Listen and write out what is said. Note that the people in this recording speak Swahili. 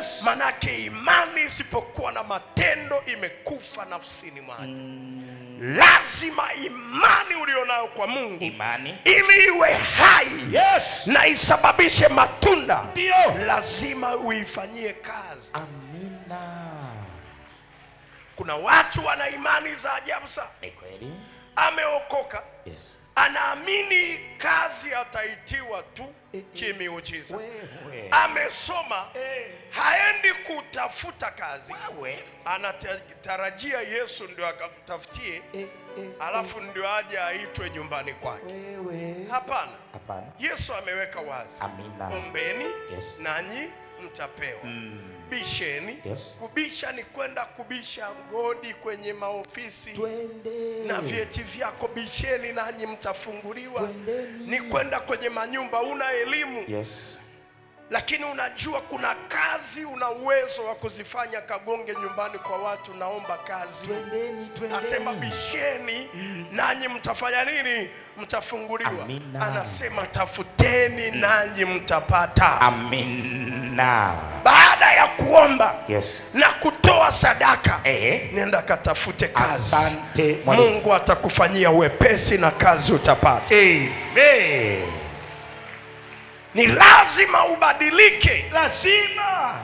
Yes. Manake imani isipokuwa na matendo imekufa nafsini mwake. Mm. Lazima imani ulionayo kwa Mungu imani, ili iwe hai yes, na isababishe matunda Dio. lazima uifanyie kazi. Amina. Kuna watu wana imani za ajabu sana, ni kweli, ameokoka yes, anaamini kazi ataitiwa tu eh, eh. kimiujiza. Amesoma, eh. haendi kutafuta kazi, anatarajia Yesu ndio akamtafutie, alafu ndio aje aitwe nyumbani kwake. Hapana, Yesu ameweka wazi, ombeni nanyi mtapewa. Mm. Bisheni. Yes. Kubisha ni kwenda kubisha ngodi kwenye maofisi Twende. na vyeti vyako, bisheni nanyi mtafunguliwa. Ni kwenda kwenye manyumba, una elimu yes. Lakini unajua kuna kazi una uwezo wa kuzifanya, kagonge nyumbani kwa watu, naomba kazi. Twendeni, twendeni. Asema bisheni mm. nanyi mtafanya nini? Mtafunguliwa. Amina. Anasema tafuteni nanyi mtapata. Amin now. Baada ya kuomba yes, na kutoa sadaka eh. nenda katafute kazi. Asante, Mungu atakufanyia wepesi na kazi utapata. Amen. Ni lazima ubadilike, lazima